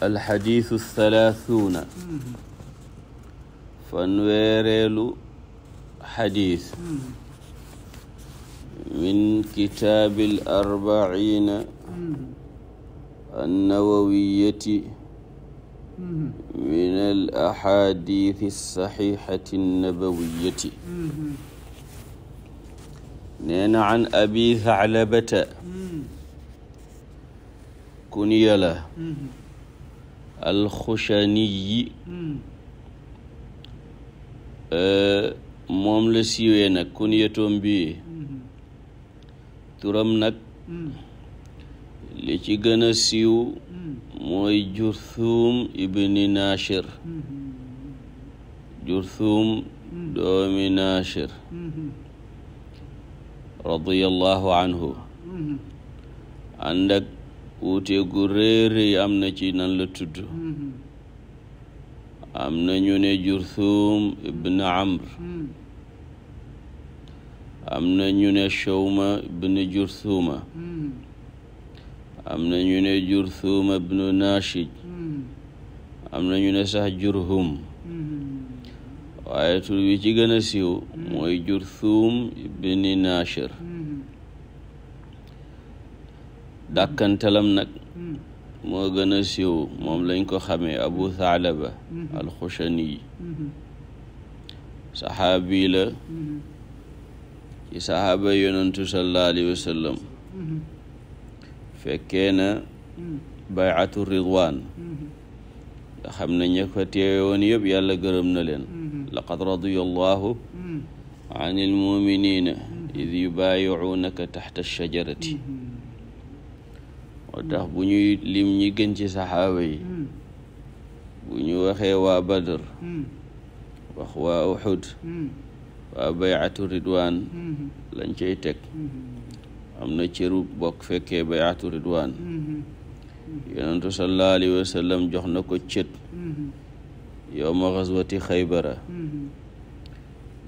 alxadiisu salaasuuna fanweereelu xadiis min kitaabil arbaciina annawawiyati min al axaadiisi saxiixati nabawiyati neena an abi Saclabata kunyala alxushaniyi hmm. euh, moom la siiwee nag kunyatoom bi hmm. turam nag hmm. li ci gën a siiw mooy jurthum ibni naashir jurthum doomi naashir radiyallahu anhu ànd wuute gu réeréy am na ci nan la tudd am na ñu ne jurthum ibn amr am na ñu ne shawma ibn jurthuma am na ñu ne jurthuma ibn nashij am na ñu ne sax jurhum waaye tur wi ci gën a siiw mooy jurthum ibn nashir dàkkantalam nag hmm. moo gën a siiw moom lañ ko xamee abu thaalaba hmm. alxushani yi hmm. saxaabi la ci saxaaba yonantu sallallahu alayhi wa sallam fekkee na bayatu ridwan nga xam ne fa teewoon yëpp yàlla gërëm na leen laqad radiyallahu an almuminina id yubayi'unaka taxta alshajarati moo tax bu ñuy lim ñi gën ci saxaaba yi hmm. bu ñu waxee waa badr hmm. wax waa uxud hmm. waa bayatu ridwaan lañ cay teg am na cëru bokk fekkee bayatu ridwaan yonentu sallallahu alayhi wa jox na ko cët yow ma xaswati xaybara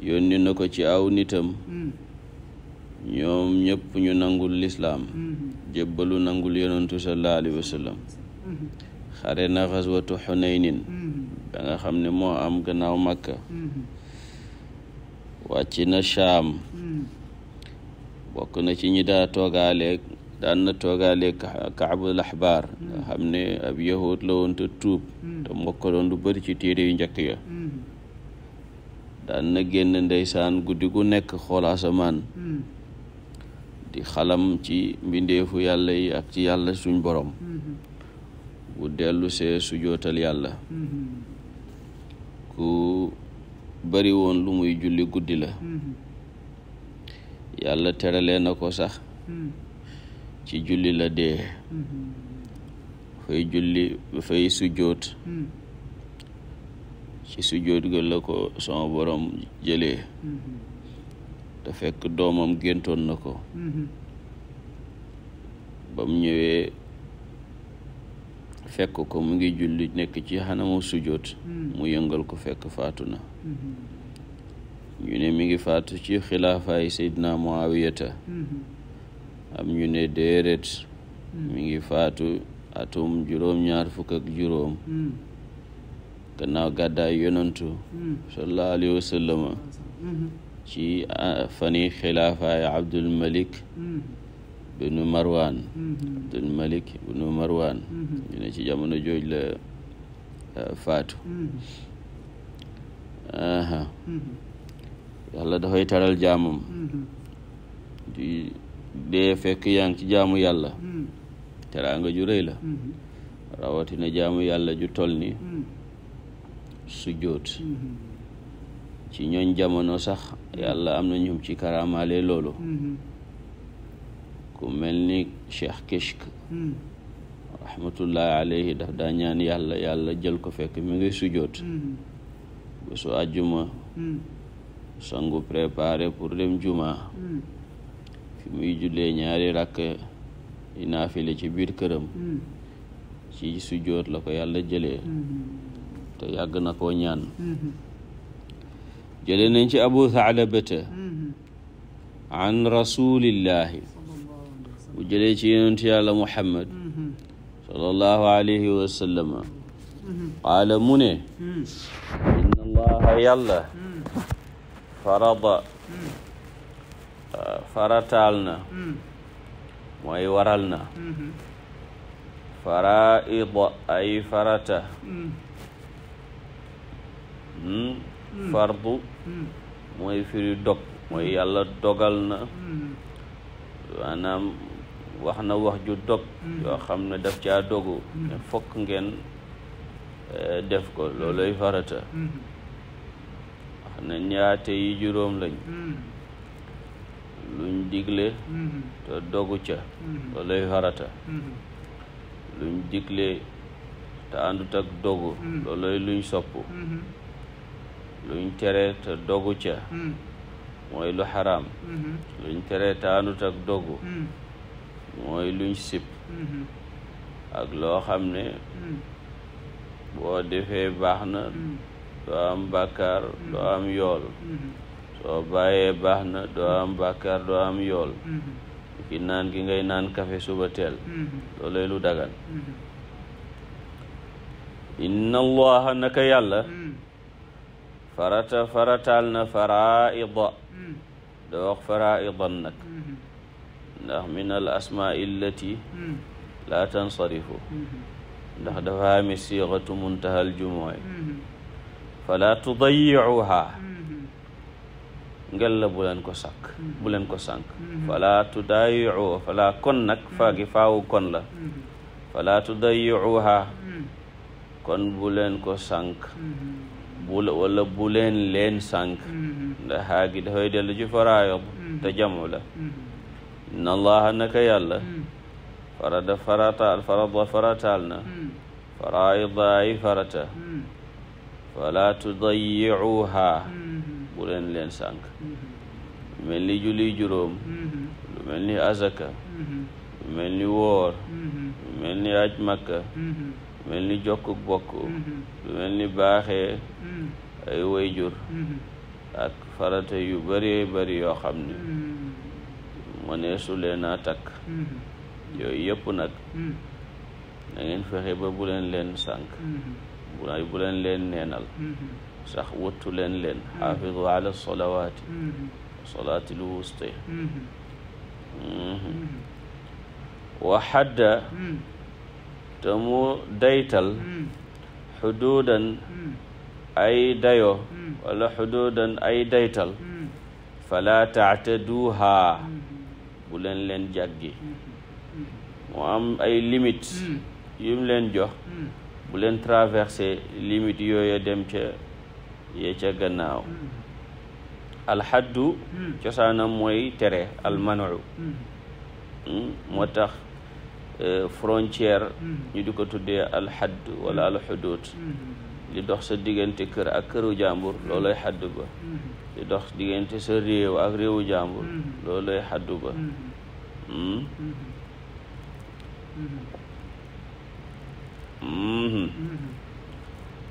yónni na ko ci aw nitam ñoom ñëpp ñu nangul lislaam mm-hmm. jébbalu nangul yonentu sallallahu alayhi mm-hmm. xare na xaswatu xunaynin mm-hmm. ba nga xam ne moo am gannaaw makka wàcc na Shaam bokk na ci ñi daa toogaaleeg daan na toogaaleeg kaabul axbaar nga xam ne ab yahud la woon tuub te mbokkaloon lu bëri ci téere yu njëkk ya daan na génn ndeysaan guddi gu nekk xool di xalam ci mbindeefu yàlla yi ak ci yàlla suñ boroom bu dellu see sujootal yàlla ku bari woon lu muy julli guddi la yàlla teralee na ko sax ci julli la dee fay julli fay sujoot ci sujoot ga la ko sama borom jëlee te fekk doomam géntoon na ko mm-hmm. ba mu ñëwee fekk ko mu ngi julli nekk ci xanamu sujjoot mm-hmm. mu yëngal ko fekk faatu na mm-hmm. ñu ne mi ngi faatu ci xilaafaay Seydina Muawiyata am ñu ne déeret mi ngi faatu atum juróom-ñaar fukk ak juróom gannaaw gàddaay yonantu sallallahu alayhi wa ci ah, fani xilaafaay abdulmalik binu marwaan mm-hmm. abdulmalik binu marwaan mm-hmm. ñu ne ci jamono jooj la ah, faatu mm-hmm. yàlla dafay taral jaamam di dee fekk yaa ngi ci jaamu yàlla teraanga ju rëy la rawatina jaamu yàlla ju tol ni sujjóot ci ñooñ jamono sax yàlla am na ñum ci karaamaale loolu mm-hmm. ku mel ni cheikh kishk mm. rahmatullahi alayhi daf daa ñaan yàlla yàlla jël ko fekk mi ngi sujoot mm-hmm. bu su àjjuma mm. sangu préparé pour dem juma mm. fi muy jullee ñaari rakk di naafile ci biir këram ci sujoot la ko yàlla jële mm-hmm. te yàgg na koo ñaan jële nañ ci abu thaalabata an rasulillahi bu jëlee ci yonent yàlla muhammad sallallahu alayhi wa sallama qaala mu ne inna allaha yàlla farada farataal na mooy waral na faraida ay farata Hmm. fardu hmm. mooy firi dog mooy hmm. yàlla dogal na maanaam wax na wax ju dog yoo xam ne daf caa dogu ne fokk ngeen eh, def ko looloy farata wax na ñaate yi juróom lañ luñ digle te dogu ca looloy farata luñ digle te àndut ak dogu looloy luñ sopp luñ tere te dogu ca mm. mooy lu xaraam mm-hmm. luñ tere te àndut ak dogu mm. mooy luñ sib mm-hmm. ak loo xam ne mm. boo defee baax na doo am bàkkaar mm-hmm. doo am yool soo bàyyee baax na doo am bàkkaar doo am yool ki naan ki ngay naan kafe suba teel loolay lu dagan inna allaha naka yàlla farata farataal na faraida doo wax faraidan nag ndax min al asmaa illati laa tansarifu ndax dafa ami siixatu muntahal jumooy fala tudayicuha ngel la bu leen ko sàkk bu leen ko sànk fala tudayicu fala kon nag faagi faawu kon la fala tudayicuha kon bu leen ko sànk bu wala bu leen leen sànq mm-hmm. ndax haa gi dafay dellu ci faraayod te mm-hmm. jamu la mm-hmm. inna allaha yàlla farada farataal farada farataal na faraayida ay farata falaa tudayicuuha bu leen leen sànq lu mel ni julli juróom lu mel ni azaka lu mel ni woor lu mel ni aj mel ni jokkuk bokk mm-hmm. lu mel ni baaxe mm-hmm. ay wayjur mm-hmm. ak farata yu bëree bari yoo xam ne mëneesu leen a takk yooyu yëpp nag na ngeen fexe ba bu leen leen sànk bu bu leen leen neenal sax wuttu leen leen xaafidu ala salawaati salaati lu wuste wa te mu daytal hmm. xuduudan hmm. ay dayo hmm. wala xuduudan ay daytal fala taataduuhaa bu leen leen jàggi mu am ay limite yum leen jox bu leen traversé limite yooyu dem ca yee ca gannaaw alxaddu cosaanam mooy tere almanu moo tax Euh, frontière hmm. ñu di ko tuddee alxadd wala alxudud li hmm. dox sa diggante kër ak këru jàmbur hmm. looloy xaddu ba li dox diggante sa réew ak réewu jàmbur looloy xaddu ba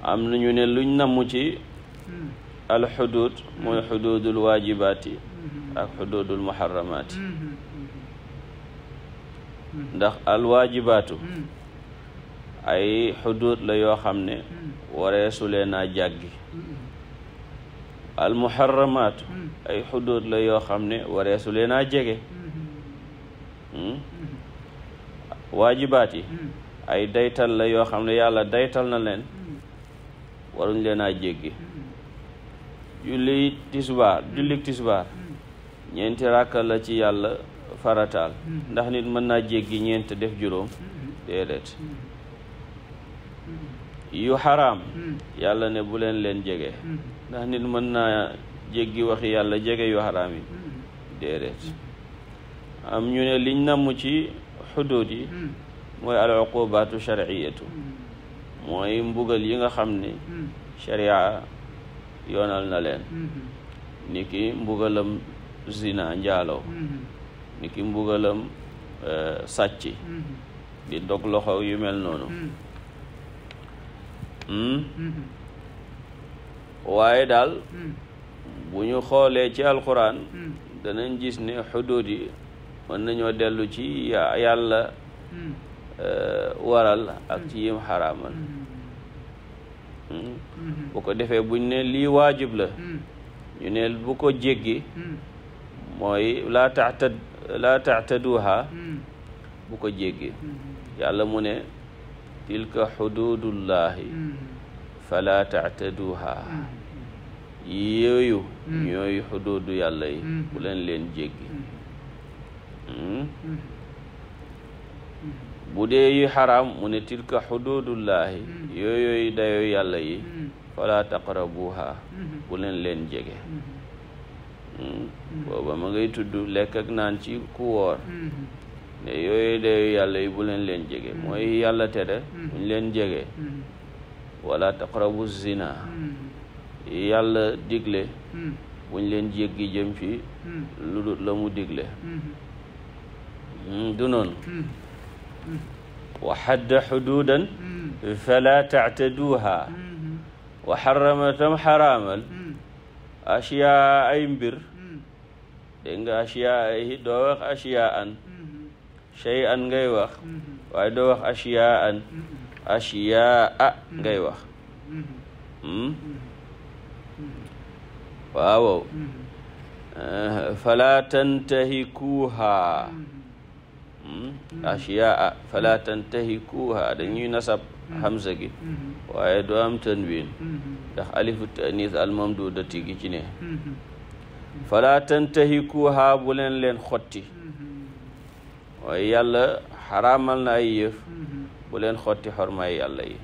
am na ñu ne luñ namm ci alxudud mooy xududul waajibaati ak xududul muharramaati ndax alwaajibaatu ay xuduut la yoo xam ne wareesu leen a jàggi almuharramaatu ay xuduut la yoo xam ne wareesu leen a jege hmm? waajibaat yi ay daytal la yoo xam ne yàlla daytal na leen waruñ leen a jéggi julli tisbaar julli tisbaar ñeenti ràkka la ci yàlla farataal ndax nit mën naa jéggi ñeent def juróom déedéet yu xaraam yàlla ne bu leen leen jege ndax nit mën naa jéggi waxi yàlla jege yu xaraam yi déedéet am ñu ne liñ namm ci xuduud yi mooy al uqubaatu sharciyatu mooy mbugal yi nga xam ni sharia yoonal na leen mm-hmm. niki mbugalam zina njaaloo mm-hmm. ni ki mbugalam eh, sàcc mm-hmm. di dog loxo yu mel noonu mm-hmm. Hmm? waaye daal mm. bu ñu xoolee ci alxuraan mm. danañ gis ne xuduud yi mën nañoo dellu ci yàlla mm. eh, waral ak ci yim xaraamal hmm? bu ko defee buñ ne lii waajib la ñu ne bu ko jéggi mooy laa taxtad laa taxtaduha hmm. bu ko jéggi hmm. yàlla mu ne tilka xududullahi hmm. fala taxtaduha yooyu ñooy xududu yàlla yi bu leen leen jéggi bu dee yu xaraam mu ne tilka xududullaahi yooyooyu dayo yàlla yi fala taqrabuha bu leen leen jege Hmm. booba ma ngay tudd lekk ak naan ci ku woor hmm. ne yooyu de yàlla yi leen leen jege hmm. mooy yàlla tere buñ leen jege wala taqrabu zina yàlla digle buñ leen jéggi jëm ci la mu digle du noonu wa xadda xuduudan fala tactaduuha wa xarama tam xaraamal asiyaa ay mbir dégg nga ay doo wax asiyaa an shay an ngay wax waaye doo wax an asiyaa a ngay wax hmm? waawow eh, fala tantahikuha hmm? asiyaa a fala tantahikuha dañuy nasab Mm-hmm. hamza gi mm-hmm. waaye doo am tanwin mm-hmm. ndax alifu tanis almamdudati gi ci ne fala tantahikuha bu leen leen xotti waaye yàlla xaraamal na ay yëf bu leen xotti xormaay yàlla yi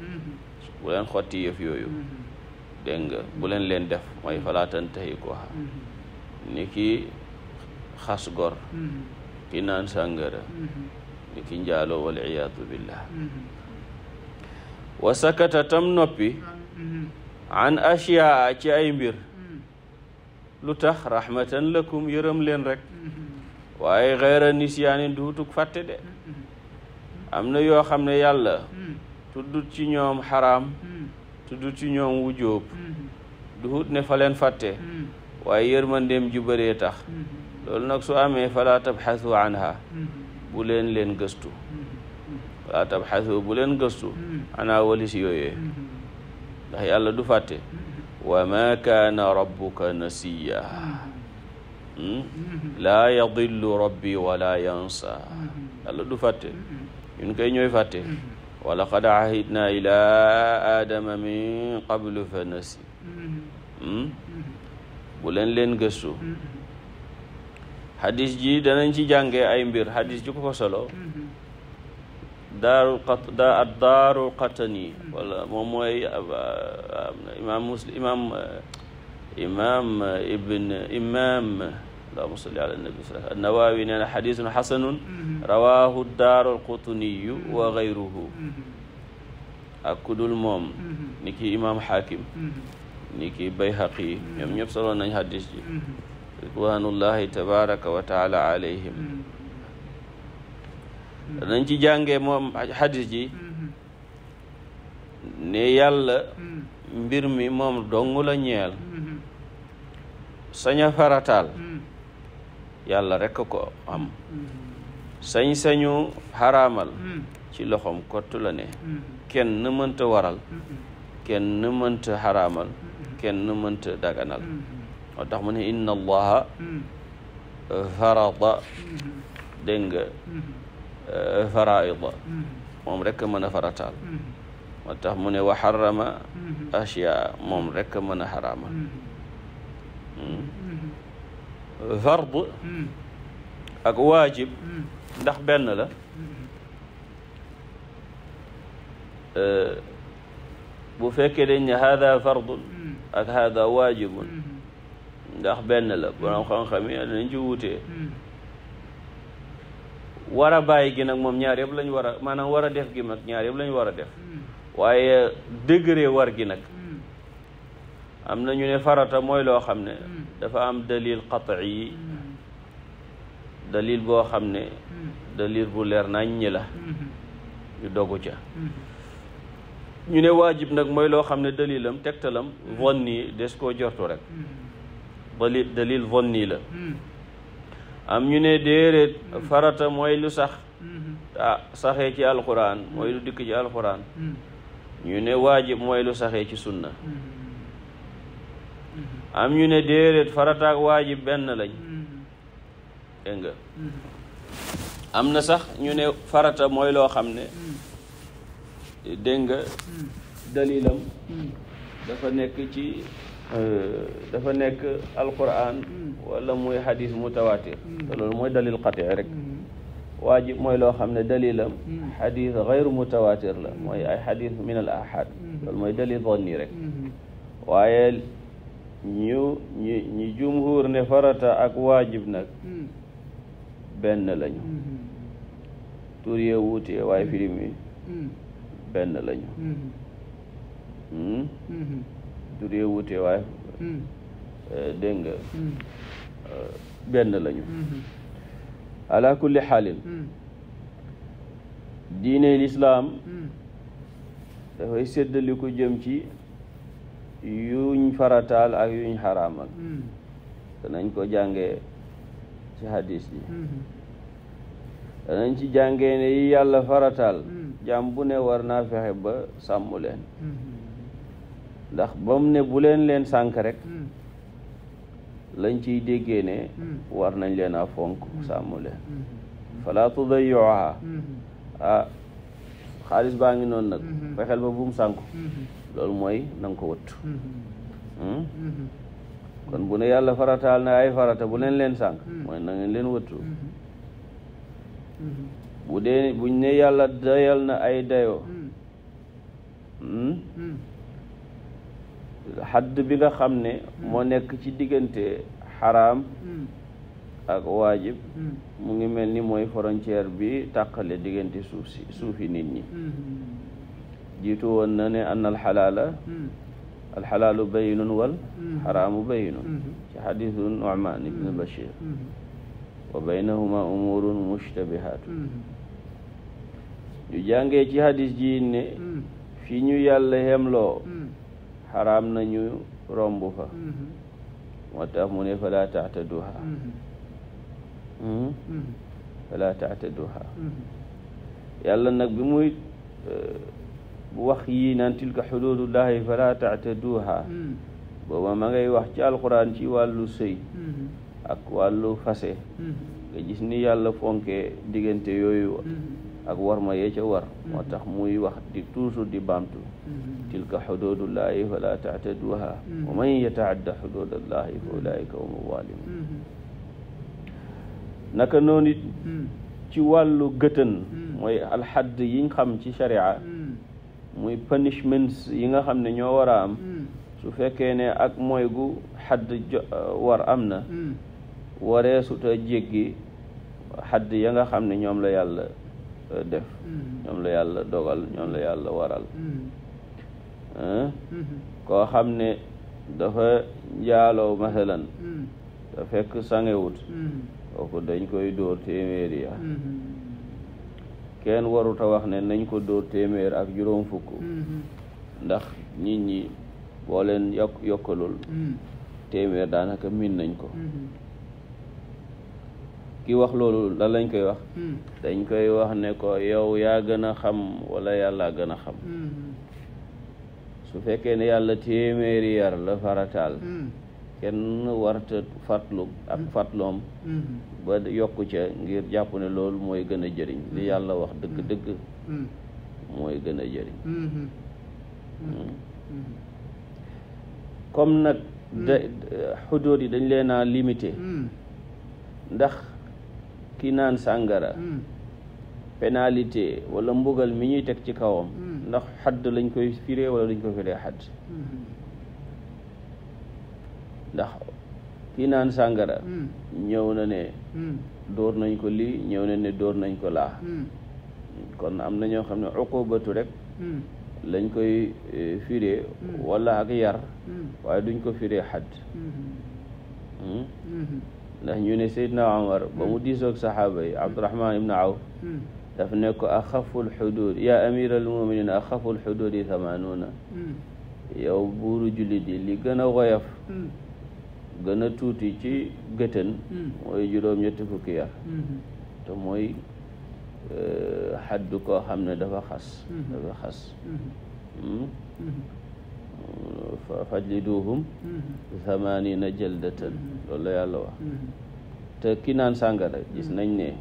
bu xotti yëf yooyu dégg nga bu leen leen def mooy fala tantahikuha ni ki xas gor ki naan sàngara ni njaaloo wal iyaadu billah wa sakata tam noppi an ashyaa ci ay mbir lu tax rahmatan lakum yërëm leen rek waaye xeyra nisyaanin duutug fàtte de am na yoo xam ne yàlla tuddut ci ñoom xaraam tuddut ci ñoom wujjóob duhut ne fa leen fàtte waaye yërmandeem ju bëree tax loolu nag su amee falaa tabxasu anha bu leen leen gëstu wala tabxasu bu leen gëstu hmm. anaa walis yooyee hmm. ndax yàlla du fatte hmm. wa ma kaana rabbuka nasiya laa yadillu rabbi wala yansa yàlla du fàtte ñun koy ñooy fàtte wa laqad ahidna ila aadama min qablu fa nasi bu leen leen gëstu xadis ji danañ ci jànge ay mbir xadis ji ko ko solo daaru qat da ad daaru qatani wala moom mooy euh, euh, imaam muslim imaam euh, imaam ibn imaam allahuma salli ala nabi annawawi nee na xadisun xasanun mhm. rawahu daaru qutniyu wa gayruhu mhm. ak kudul moom mhm. ni ki imaam xaakim ni ki bayhaqi ñoom ñëpp soloon nañ xadis ji ridwanullahi tabaraka wa taala alayhim danañ ci jàngee moom xadis ji ne yàlla mbir mi moom dong la ñeel sañ farataal yàlla rekk ko am sañ-sañu xaraamal ci loxoom kott la ne kenn mënta waral kenn mënta xaraamal kenn mënta daganal moo tax mu ne inna allaha farada dégg nga faraida moom rekk mën a farataal moo tax mu ne wa xarama ashyaa moom rekk mën a xaraamal fard ak waajib ndax benn la bu fekkee dañ ne hada fardun ak hada waajibun ndax benn la borom xam-xam yi dañ ci wutee war a bàyyi gi nag moom ñaar yëpp lañ war a maanaam war a def gi mag ñaar yëpp lañ war a def waaye degré war gi nag am na ñu ne farata mooy loo xam ne dafa am dalil qat'i yi dalil boo xam ne dalil bu leer naññ la ñu dogu ca ñu ne waajib nag mooy loo xam ne dalilam tegtalam nii des koo jortu rek dalil dalil nii la am ñu ne déedéet farata mooy lu sax mm-hmm. ah, saxe ci alquran mooy lu dikk ci alquran mm-hmm. ñu ne waajib mooy lu saxee ci sunna mm-hmm. am ñu ne déedéet farata ak waajib benn lañ dégg am na sax ñu ne farata mooy loo xam ne mm. dégg nga mm. dalilam mm. dafa nekk ci Euh, dafa nekk alquran mm. wala muy hadis mutawatir mm. te mooy dalil qati rek mm. waajib mooy loo xam ne dalilam hadis gayru mutawatir la mooy ay hadis min a ahad loolu mooy dalil zanni rek waaye ñu ñu ñu jumhur ne farata ak waajib nag benn lañu mm-hmm. tur yee wuute waaye firim yi benn lañu mm-hmm. Hmm? Mm-hmm. jur wute waaye hmm. eh, dégg nga hmm. eh, benn lañu hmm. ala kulli xaalin diine lislaam dafay séddali ko jëm ci yuñ farataal ak yuñ xaraamal danañ ko jàngee ci hadis yi danañ ci jàngee ne yi yàlla farataal jàmm bu ne war naa fexe ba sàmm leen ndax ba mu ne bu leen leen sànk rek hmm. lañ ciy déggee ne hmm. war nañ leen a fonk hmm. sàmm leen fala tudayyuha a ah, xaalis baa ngi noonu nag fexeel ba bu mu sànku loolu mooy na ko wëttu kon bu ne yàlla farataal na ay farata bu leen leen sànk mooy na ngeen leen wëttu bu dee buñ ne yàlla dayal na ay dayoo xadd bi nga xam ne hmm. moo nekk ci diggante xaraam hmm. ak waajib hmm. mu ngi mel ni mooy frontière bi tàqale diggante suufi nit ñi jiitu woon na ne an alxalaala alxalaalu bayinun wal xaraamu bayinun ci xadisu Nu'man ibn Bashir wa baynahuma umurun mushtabihaatu ñu jàngee ci xadis ji ne fi ñu yàlla hemloo xaraam nañu romb fa mm-hmm. moo tax mu ne fala taataduha mm-hmm. mm-hmm. fala taataduha yàlla nag bi muy uh, wax yi naan tilka xududullahi fala taataduha booba ma ngay wax ci alquran ci wàllu sëy ak wàllu fase nga gis ni yàlla fonkee diggante yooyu ak war ma yee ca war mm-hmm. moo tax muy wax di toujours di baamtu mm-hmm. tilka xuduudullaahi fala taataduha mm-hmm. wa man yataadda xuduudallahi fa ulaika hum zalimun naka noonu ci wàllu gëtën mooy alxadd yi xam ci sharia muy punishments yi nga xam ne ñoo war a am su fekkee ne ak moy gu xadd uh, war am na wareesuta jéggi xadd ya nga xam ne ñoom la yàlla def hmm. ñoom la yàlla dogal ñoom la yàlla waral hmm. Hmm. koo xam ne dafa njaaloo masalan te fekk sangewut kooku dañ koy dóor téeméeri ya kenn warut wax ne nañ ko dóor téeméer ak juróom fukk ndax nit ñi boo leen yokk yokkalul téeméer daanaka miin nañ ko ki wax loolu lan lañ koy wax hmm. dañ koy wax ne ko yow yaa gën a xam wala yàlla gën a xam hmm. su fekkee ne yàlla téeméeri yar la farataal hmm. kenn warta fàtlu ak fàtloom ba yokku ngir jàpp ne loolu mooy gën a jëriñ li yàlla wax dëgg-dëgg mooy gën a jëriñ comme nag da yi dañ leen a limité ndax ki naan sàngara hmm. pénalité wala mbugal mi ñuy teg ci kawam hmm. ndax xadd lañ koy firee wala lañ koy firee xadd hmm. ndax ki naan sàngara ñëw na ne dóor nañ ko lii ñëw na ne dóor nañ ko laa kon am na ñoo xam ne uqubatu rek lañ koy e, firee wala ak yar waaye duñ ko firee xadd ndax ñu ne Seydina Omar ba mu diisoog saxaaba yi Abdurahman ibn Awf hmm. daf ne ko axaful xudud yaa amira al muminin axaful xududi thamanuuna hmm. yow buuru jullit yi li gën a woyof hmm. gën a tuuti ci gëtën mooy juróom ñetti fukki yar te mooy euh, xaddu koo xam ne dafa xas dafa xas fajliduhum zamanina mhm. jëldatan mhm. loolu la yàlla wax mhm. te ki naan sàngara gis nañ ne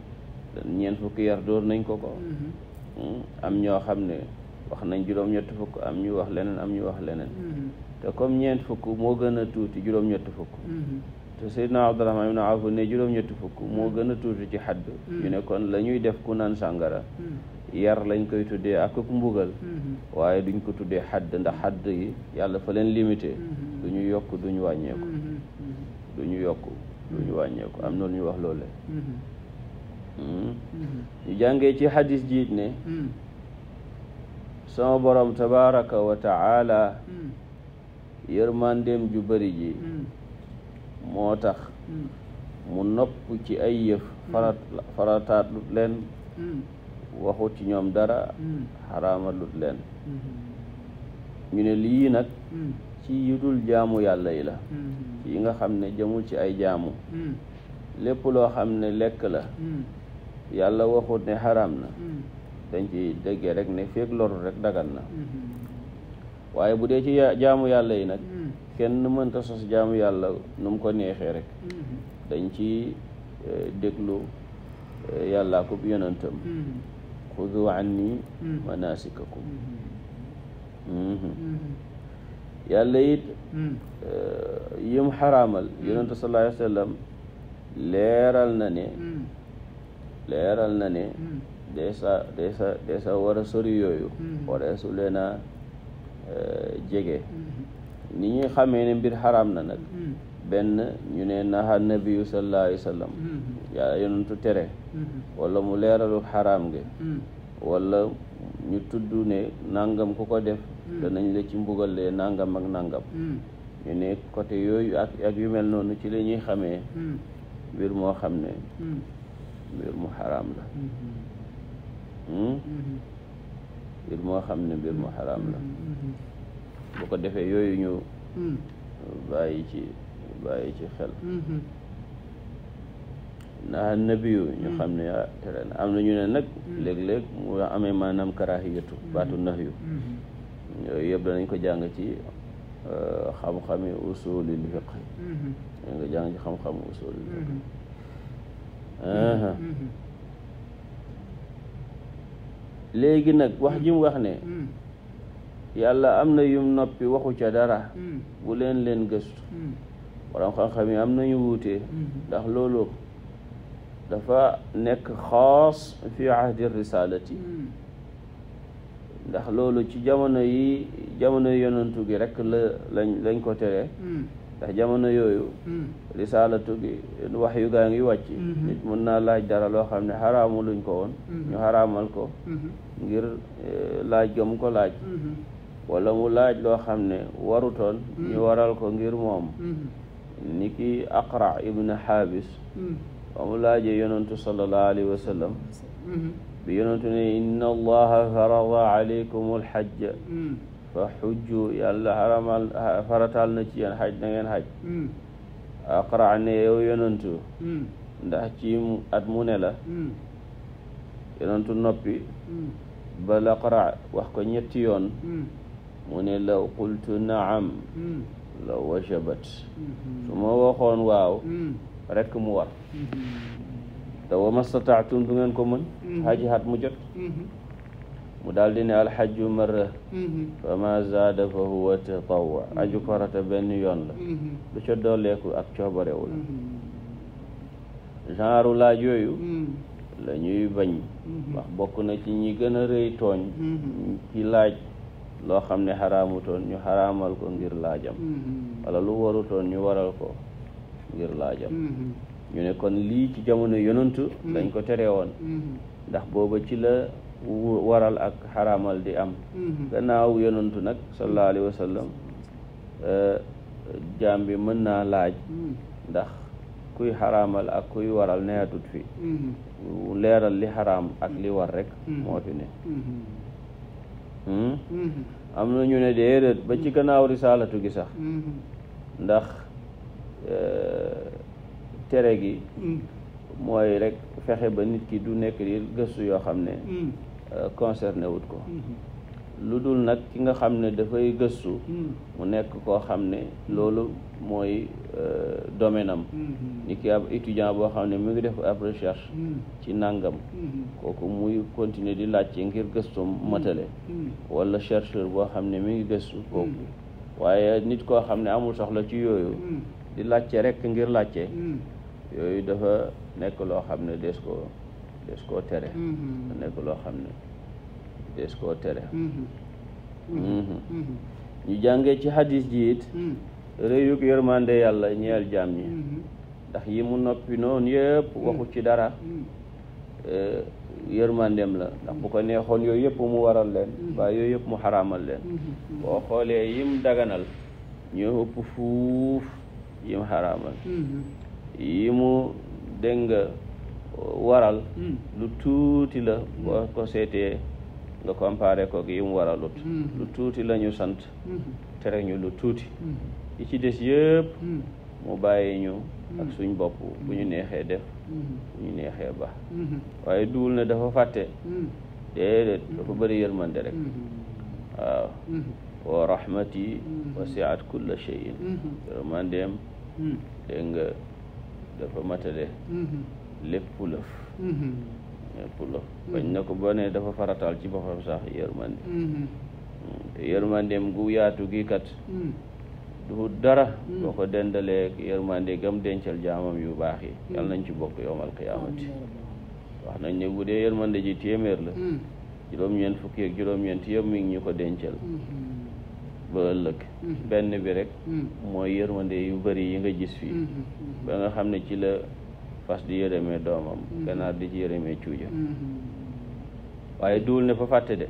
ñeent fukki yar dóor nañ ko ko hmm? am ñoo xam ne wax nañ juróom-ñett fukk am ñu wax leneen am ñu wax leneen te comme ñeent fukk moo gën a tuuti juróom-ñett fukk te Seydina Abdurahmaan ibn Awf ne juróom-ñett fukk moo gën a tuuti ci xadd ñu ne kon la def ku naan sàngara yar lañ koy tuddee ak ak mbugal mm-hmm. waaye duñ ko tuddee xadd ndax xadd yi yàlla fa leen limité mm-hmm. du ñu yokk du ñu wàññeeku mm-hmm. yokk wàññeeku am na lu ñu wax loole ñu jàngee ci xadis jiit ne mm. sama borom tabaraka wa taala mm. yërmandeem ju bari ji mm. moo tax mu nopp ci ay yëf farataat leen waxut ci ñoom dara hmm. xaraamalut leen hmm. ñu ne lii nag hmm. ci yudul jaamu yàlla yi la ci yi nga xam ne jëmul ci ay jaamu lépp loo xam ne lekk la yàlla waxut ne xaraam na dañ ci déggee rek ne feeg loru rek dagan na waaye bu dee ci jaamu yàlla yi nag kenn mënta sos jaamu yàlla nu mu ko neexee rek dañ ci eh, déglu eh, yàlla ko yonentam xudu anni manasikakum yàlla it yim xaraamal yonente sallallahu alayhi wa sallam leeral na ne leeral na ne deesa deesa deesa war a sori yooyu wareesu leen jege ni ñuy xamee ne mbir xaram na nag benn ñu ne naha nabiyu sallallahu alayhi wa sallam mm-hmm. tere mm-hmm. wala mu leeralu xaraam ge mm. wala ñu tudd ne nangam ku ko def mm. danañ la ci mbugal lee nangam ak nangam mm. ñu ne côté yooyu ak yu mel noonu ci la ñuy xamee mbir moo xam ne mbir mu xaraam la mbir moo xam ne mbir mu xaraam la bu ko defee yooyu ñu bàyyi ci bàyyi ci xel mm-hmm. naa nabiyu ñu mm. xam ne am na ñu ne nag mm. léeg-léeg mu amee maanaam karahiyatu mm-hmm. baatu nahyu mm-hmm. yooyu yëpp danañ ko jàng ci euh, xam-xami usulil fiq danañ xam-xami usulil fiq léegi nag wax ji wax ne mm. yàlla am na yum noppi waxu ca dara bu leen leen gëstu borom xam-xam yi am nañu wuute mm-hmm. ndax loolu dafa nekk xaas fi ahdi risalati mm-hmm. ndax loolu ci jamono yi jamono yonantu gi rek lañ lañ ko tere mm-hmm. ndax jamono yooyu risalatu gi wax yu gaa ngi wàcc nit mën naa laaj dara loo xam ne xaraamu luñ ko woon ñu xaraamal ko ngir eh, laaj gam ko laaj wala mu laaj loo xam ne warutoon ñu waral ko ngir moom ni ki aqra ibn xaabis mm. ba mu laajee yonantu sallallahu alayhi wa sallam mm-hmm. bi yonantu ne inna allaha farada alaykum alxajja mm. fa xujju yàlla xaramal farataal na ci yéen xaj na ngeen xaj mm. aqra ne yow yonantu ndax ci at mu ne la yonantu noppi bal aqra wax ko ñetti yoon mu ne law qultu naam la wajabat mm-hmm. su ma waxoon waaw mm. rekk mu war mm-hmm. te wa du ngeen ko mën xaji mm-hmm. xat mu jot mu daldi di ne alxajju marra fa ma zaada fa huwa tatawwa aju korata benn yoon la lu ca dooleeku ak coobarewu la genre laaj yooyu mm. la ñuy bañ wax bokk na ci ñi gën a rëy tooñ ci laaj loo xam ne xaraamutoon ñu xaraamal ko ngir laajam mm-hmm. wala lu warutoon ñu waral ko ngir laajam mm-hmm. ñu ne kon lii ci jamono yonantu dañ mm-hmm. ko tere woon ndax boobu ci la waral ak xaraamal di am gannaaw yonantu nag sallallahu alayhi euh, jaam bi mën naa laaj ndax kuy xaraamal ak kuy waral neexatut fi leeral li xaram ak li war rek moo fi ne Hmm? am na ñu ne déedéet ba ci gannaaw risaalatu gi sax hmm? ndax euh, tere gi hmm? mooy rek fexe ba nit ki du nekk di gëstu yoo xam ne euh, concerné wut ko lu dul nag ki nga xam ne dafay gëstu mu nekk koo xam ne loolu mooy euh, domaine am mm-hmm. ni ki ab étudiant boo xam ne mu ngi def ab recherche mm-hmm. ci nàngam mm-hmm. kooku muy continuer di laajte ngir gëstum matale wala chercheur boo xam ne mi ngi gëstu kooku waaye nit koo xam ne amul soxla ci yooyu di laajte rek ngir laajte yooyu dafa nekk loo xam ne des koo des koo tere nekk loo xam ne des koo tere ñu jàngee ci hadis ji réyug yërmande yàlla ñeel jaam ñi mm-hmm. ndax yi mu noppi noonu yëpp mm-hmm. waxu ci dara mm-hmm. eh, yërmandeem la ndax bu ko neexoon yooyu yëpp mu waral leen waaye yooyu yëpp mu xaraamal leen boo xoolee yim daganal ñoo ëpp fuuf yim xaraamal yi mu dégg nga waral lu tuuti la boo ko seetee nga comparé ko yi mu waralut lu tuuti la sant tere ñu lu tuuti ci des yëpp mu hmm. bàyyi ñu hmm. ak suñ bopp bu ñu neexee def hmm. bu ñu neexee ba waaye duwul na dafa fàtte déedéet dafa bëri yërmande rek waaw wa rahmati wasiat kulla cheyin yërmandeem dégg nga dafa matale lépp lëf lépp lëf bañ na ko ba dafa farataal ci boppam sax yërmande te yërmandeem gu yaatu gi kat du dara hmm. boo ko dendalee yërmande gam dencal jaamam yu baax yi hmm. yàlla nañ ci bokk yowmal qiyaamati wax nañ ne bu dee yërmande ji téeméer la hmm. juróom-ñeent fukki ak juróom-ñeent yëpp mi ngi ñu ko dencal ba ëllëg benn bi rek mooy yërmande yu bëri yi nga gis fii ba nga xam ne ci la fas di yërëmee doomam ganaar di ci yërëmee cuuja waaye duul ne fa fàtte de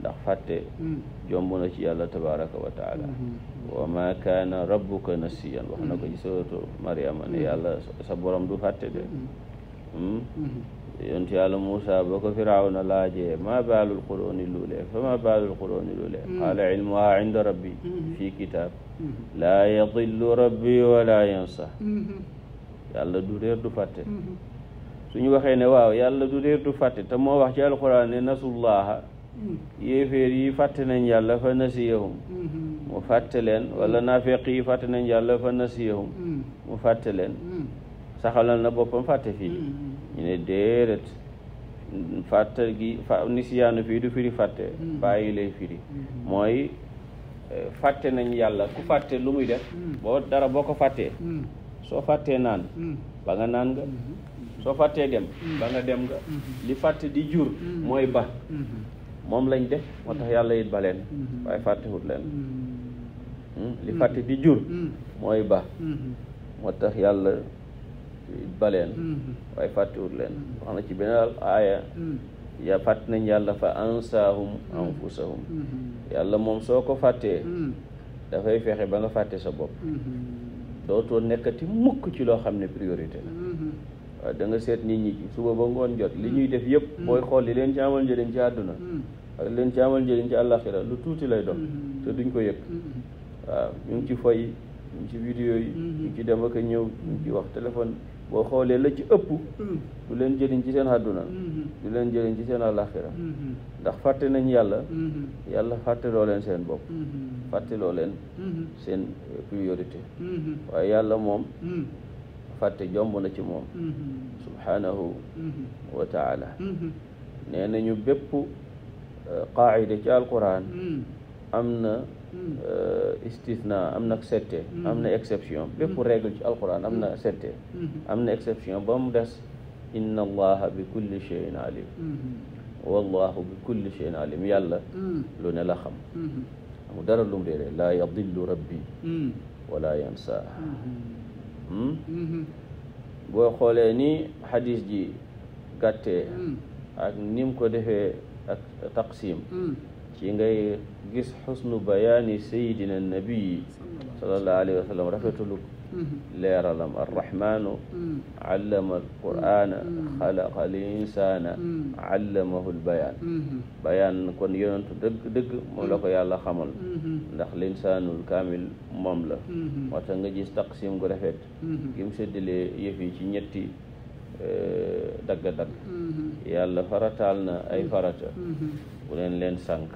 ndax fàtte mm. jomb na ci yàlla tabaraka wa taala mm-hmm. wa ma kaana rabbuka nasiyan wax na ko ci suratu mariama ne mm. yàlla sa borom du fàtte de mm. mm-hmm. yonent yàlla Muusa ba ko firawna laajee ma baalul quruni luulee fa ma baalul quruni luulee qaala ilmuha inda rabbi mm-hmm. fi kitab laa yadillu rabbi wala yansa yàlla du réer du fàtte suñu waxee ne waaw yàlla du réer du fàtte te moo wax ci alxuraan ne nasullaha mm-hmm. yéeféer yi fàtte nañ yàlla fa nasiyahum mm-hmm. mu fàtte leen wala naafeq fàtte nañ yàlla fa nasiyahum mm-hmm. mu fàtte leen saxalal na boppam fàtte fii ñu ne déedéet fàtte gi fa nisiyaanu fii du firi fàtte bàyyi lay firi mooy eh, fàtte nañ yàlla ku fàtte lu muy def boo dara boo ko fàttee soo fàttee naan ba nga naan nga soo fàttee dem ba nga dem nga li fàtte di jur mooy ba moom lañ def moo tax yàlla it ba leen waaye fàttewut leen hmm? li fàtte di jur mooy ba moo tax yàlla ba leen fàttewut leen wax ci beneen aaya ya fàtt nañ yàlla fa ansaahum anfusahum yàlla moom soo ko fàttee dafay fexe ba nga fàtte sa bopp dootoo nekkati mukk ci loo xam ne priorité waaw da nga seet nit ñi suba ba ngoon jot li ñuy def yëpp booy mm. xool yi leen ci amal njëriñ ci àdduna mm. ak leen ci amal njëriñ ci àllaaxira lu tuuti lay doon mm-hmm. te duñ ko yëg mm-hmm. waaw ñu ngi ci foy ñu ci vidéo yi mm-hmm. ñu ci dem ak a ñëw ñu ci wax téléphone boo xoolee la ci ëpp mm. du leen jëriñ ci seen àdduna du leen jëriñ ci seen àllaaxira ndax fàtte nañ yàlla yàlla fàtteloo leen seen bopp fàtteloo leen seen priorité waaye yàlla moom fàtte jomb na ci moom mm-hmm. subhaanahu mm-hmm. wa taala mm-hmm. nee nañu bépp euh, qaacida ci alquran am na euh, istisna am na sette am na exception bépp règle ci alquran am na sette am na exception ba mu des inna allaha bi kulli cheyin alim wallahu bi kulli alim yàlla lu ne la xam amu dara lum réere laa yadillu rabbi wala yansa Hmm? Mm-hmm. boo xoolee ni hadis ji gàttee mm. ak nim ko defee ak taqsim mm. ci ngay gis xusnu bayaani sayidina nabiyi sallallahu alayhi wa sallam rafetulu Mm-hmm. leeralam arrahmaanu mm-hmm. allama alqur'aana xalaqa mm-hmm. al insaana allamahu lbayaan bayaan kon yonentu dëgg dëgg moom la ko yàlla xamal ndax linsaanul kaamil moom la moo tax nga gis taqsim gu rafet gi mu séddalee yëf yi ci ñetti euh, dagg-dagg yàlla farataal na ay farata bu leen leen sànq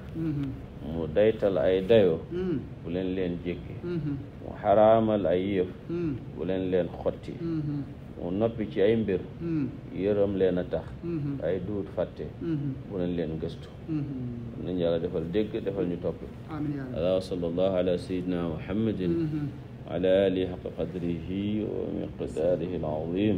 mu daytal ay dayo mm. bu leen leen jéggi mm-hmm. mu xaraamal ay yëf mm. bu leen leen xotti mm-hmm. mu noppi ci ay mbir mm. yërëm leen a tax mm-hmm. ay duut fàtte bu leen leen gëstu nañ yàlla defal dégg defal ñu topp ala wa sallallahu ala sayyidina muhammadin wa ala alihi haqqa qadrihi wa miqdaarihi al-azim